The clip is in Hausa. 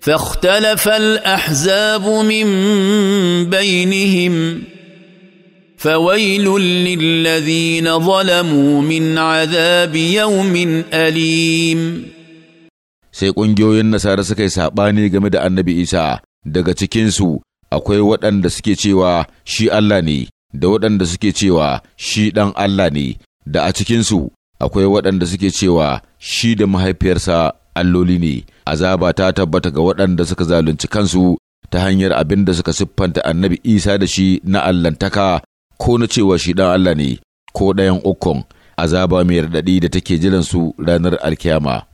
فاختلف الاحزاب من بينهم فويل للذين ظلموا من عذاب يوم اليم sai ƙungiyoyin nasara suka yi saɓani game da annabi isa daga cikinsu akwai waɗanda suke cewa shi allah ne da waɗanda suke cewa shi ɗan allah ne da a cikinsu akwai waɗanda suke cewa shi da mahaifiyarsa alloli ne azaba ta tabbata ga waɗanda suka zalunci kansu ta hanyar abin da suka siffanta annabi isa da shi na allantaka ko na cewa shi ɗan allah ne ko ɗayan ukun azaba mai raɗaɗi da take jiransu ranar alkiyama